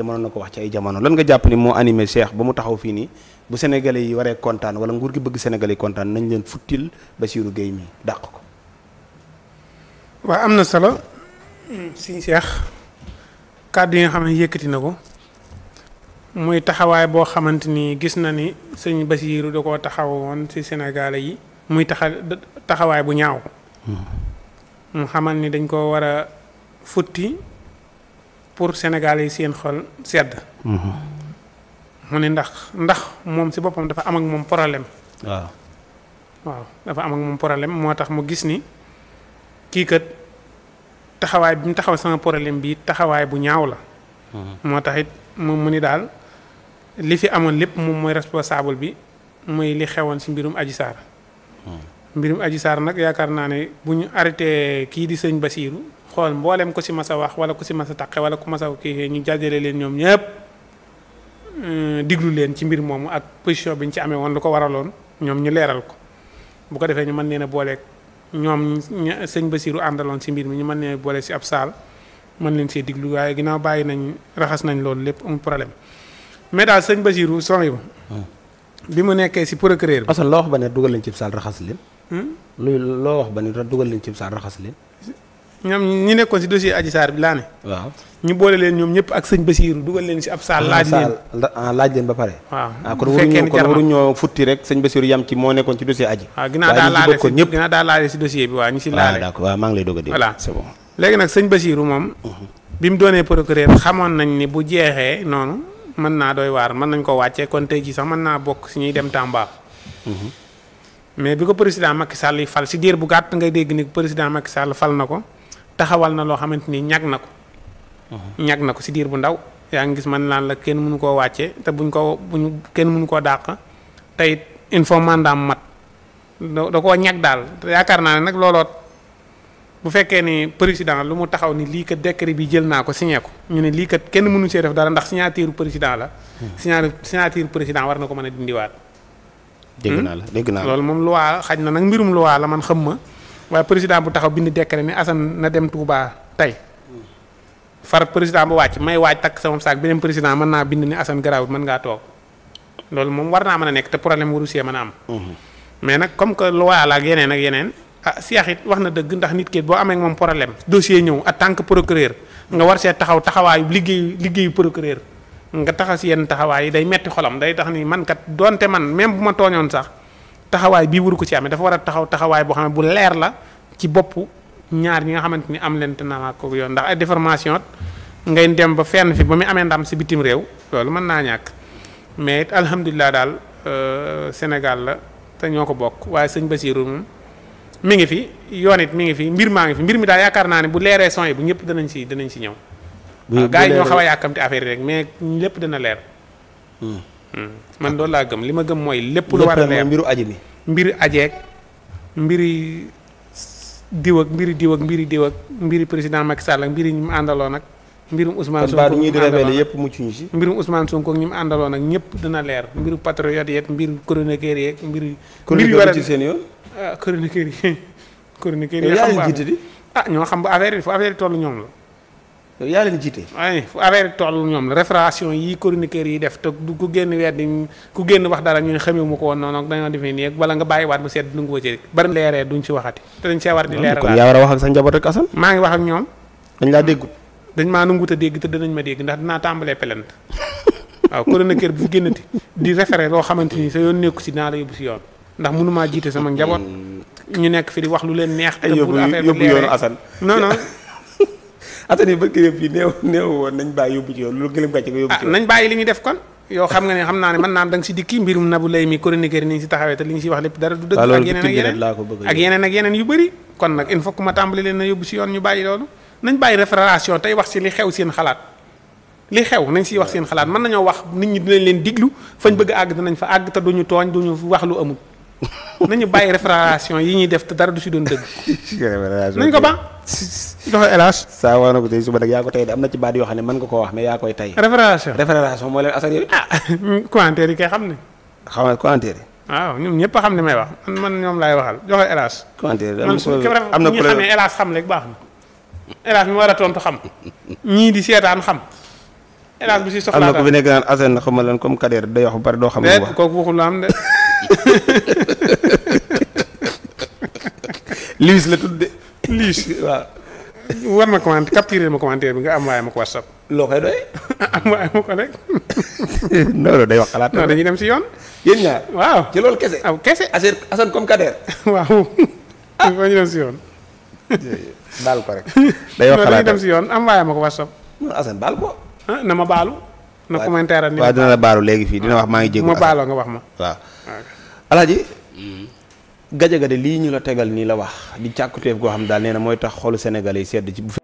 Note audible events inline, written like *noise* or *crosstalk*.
te mënoon na ko wax ci ay jamono lan nga jàpp ni moo animé Cheikh ba mu taxaw fii nii bu Sénégalais yi waree kontaan wala nguur gi bëgg Sénégalais yi kontaan nañ leen futtil Bassirou Guèye mi dàq ko. am na solo si Cheikh kàddu yi xam ne na ko muy taxawaay boo xamante ni gis na ni sëñ Bassirou da koo taxawoon ci Sénégalais yi muy taxa taxawaay bu ñaaw. Hmm. mu xamal ni dañ ko war futti. pour Sénégal yi seen xol sedd. Mhm. mu ni ndax ndax moom si boppam dafa am ak moom problème. waaw dafa am ak moom problème moo tax mu gis ni kii kat taxawaay bi mu taxaw sama problème bi taxawaay bu ñaaw la. Mhm. moo tax it mu mu ni daal li fi amoon lépp moom mooy responsable bi muy li xewoon si mbirum Adji Sarr. Mhm. mbirum Adji Sarr nag yaakaar naa ne bu ñu arrêté kii di sëñ Basiiru xool mbooleem ku si mas a wax wala ku si mas a taqe wala ku mas a kii ñu jajale leen ñoom ñëpp euh, diglu leen ci mbir moomu ak position bi ñu ci amee woon lu ko waraloon ñoom ñu leeral ko bu ko defee ñu mën leen a booleeg ñoom sëñ Basiru àndaloon si mbir mi ñu mën leen a booleeg si ab saal mën leen see diglu waaye ginnaaw bàyyi nañ raxas nañ loolu lépp amul problème mais daal sëñ Basiru songi hmm. bi mu nekkee si procureur bi. asan loo wax ba ne dugal leen ci saal raxas leen. Hmm? lu loo wax ba ne dugal leen ci saal raxas leen. ñoom ñi nekkoon si dossier Adji saar bi laa ne. waaw ñu boole leen ñoom ñëpp ak sëñ Basiiru dugal leen si ab saal. Ah, ah, laaj leen ba pare. waaw ah, kon fekkee ni kon waruñoo futti rek sëñ Basiiru yam ci moo nekkoon ci dossier Adji. waaw ginnaaw daa laale si ginnaaw daa laale si dossier bi waaw ñu si laale. waaw d'accord lay doog a dégg. voilà c'est bon léegi nag sëñ Basiiru moom. bi mu doonee procureur xamoon nañ ni bu jeexee noonu mën naa doy waar mën nañ ko wàccee kon tey jii sax mën naa bokk si ñuy dem Tamba. Mhm. mais bi ko président Macky Sall yi fal si diir bu gàtt ngay dégg ni président Macky Sall fal na ko taxawal na loo xamante ni ñag na ko. Uh-huh. ñag na ko si diir bu ndaw yaa ngi gis man naan la kenn mënu koo wàccee te buñ ko buñ kenn mënu koo dàq tey it il faut mandat mat da koo ñag daal yaakaar naa ne nag looloo bu fekkee ni président lu mu taxaw ni lii kat décret bi jël naa ko signé ko ñu ne lii kat kenn mënu see def dara ndax signature président la. Hmm. signature signature président war na ko mën a dindiwaat. dégg hmm? naa la dégg naa loolu moom loi xaj na nag mbirum loi la man xam ma. waaye président bu taxaw bind décret ni Assane na dem Touba tey far président ba wàcc may waaj takk sama saak beneen président mën naa bind ni Assane garaawut mën ngaa toog loolu moom war naa mën a nekk te problème waru see mën a am. Mhm. mais nag comme que loi la ak yeneen ak yeneen. ah Cheikh it wax na dëgg ndax nit ki boo amee moom problème dossier ñëw en tant que procureur nga war see taxaw taxawaayu liggéeyu liggéeyu procureur nga taxaw si yenn taxawaay yi day metti xolam day tax ni man donte man même bu ma tooñoon sax taxawaay bii waru ko ci amee dafa war a taxaw taxawaay boo xam bu leer la ci bopp ñaar ñi nga xamante ni am leen te naa ko yoon ndax ay déformation ngay dem ba fenn fi ba muy amee ndam si bitim réew loolu mën naa ñàkk mais alhamdulilah daal euh, Sénégal la te ñoo ko bokk waaye sëñ Basiiru moom mi ngi fi yoon it mu ngi fi mbir maa ngi fi mbir mi daal yaakaar naa ne bu leeree son bu ñëpp danañ si danañ si ñëw. bu gaa yi ñoo xaw a yàkkamti affaire rek mais lépp dana leer. Hmm. Hmm. man loolu laa gëm li ma gëm mooy lépp lu war a leer mbiru aji bi mbiri ajeeg mbiri diw ak mbiri diw ak mbiri diw ak mbiri président Macky Sall ak mbiri ñi mu àndaloon ak mbirum Ousmane Sonko ñuy révélé yëpp mucc ñu si mbirum Ousmane Sonko ñi àndaloon ak ñëpp dina leer mbiru patriote yeeg mbiru chroniqueur yeeg mbiru mbir war ci seen yoon ah chroniqueur yi *laughs* chroniqueur yi xam nga ah ñoo xam ba affaire yi fu affaire yi toll ñoom la yow yaa leen jiite. ay fu affaire toll ñoom la restauration yi def te ku génn weer di ku génn wax dara ñu ne xamee mu ko woon noonu defee nii bala nga bàyyiwaat mu seet du nga ko ci bari leeree duñ ci waxati te dañ see war di a wax ak sa njaboot rek Assane maa ngi wax ak ñoom dañ laa déggut dañ maa nanguut a dégg te danañ ma dégg ndax dinaa tàmbalee pelante waaw chroniqueur bu génnati di référé loo xamante ni sa yoon nekku si dinaa la yóbbu si yoon ndax mënumaa jiite sama njaboot mm. ñu nekk fi di wax lu leen neex te bu affaire bi leeree non attani ba kii fii néew néew woon nañ bàyyi yóbbu ci yoon lu gëlëm gàcce ko yóbbu ci ah, nañ bàyyi li ñuy def kon yow xam nga ne xam naa ne mën naa da nga si dikki mbirum Nabou Leye mi chroniqueur ni ñu si taxawee te li ñu si wax lépp dara du dëgg ah, ak yeneen ak yeneen ak yeneen ak yeneen yu bëri kon nag il faut que ma tàmbali leen na yóbbu si yoon ñu bàyyi loolu nañ bàyyi référation tey wax si li xew seen xalaat li xew nañ siy wax seen xalaat mën nañoo wax nit ñi dinañ leen diglu fañ bëgg àgg dinañ fa àgg te duñu tooñ duñu wax lu amul nañu bàyyi référation yi ñuy def te dara du si doon dëgg. nañ ko ba doxe hélas. saa woo na ko tey suba yaa ko tey de am na ci baat yoo xam ne mën nga koo wax mais yaa koy tey. référation référation moo leen asar ah! *laughs* yi kay xam ne. xam nga commentaire yi. waaw ñoom ñëpp a ne may wax man man ñoom laay waxal joxe hélas. commentaire yi am na solo am na ku la xamee hélas xam rek baax na. hélas mi xam. ñii di seetaan xam. hélas bu si na ku fi nekk naan asan xamal lan comme Kader day wax bu bari doo xam. lu wax kooku waxul la am de *laughs* Luis la tudd de. Luis waaw. war ma commenté capturé ma commentaire bi nga am waaye ma ko whatsapp. loo koy doy. *laughs* am waaye ma ko rek. *laughs* non non day wax xalaat. non dañuy dem si yoon. yéen ñaar waaw ci loolu kese. aw kese Assane Assane comme Kader. waaw. ah ñu dem si yoon. baal ko rek. day wax xalaat dem si yoon am waaye ma ko whatsapp. Assane baal ko. Ah, na ma baalu. na commentaire am waaw dina la baalu léegi fii dina wax maa ngi jégu ma baaloo nga wax ma waaw alaaji mm-hmm. gajaga de lii ñu la tegal nii la wax di càkkuteef goo xam daal nee na mooy tax xolu Sénégal yi sedd ci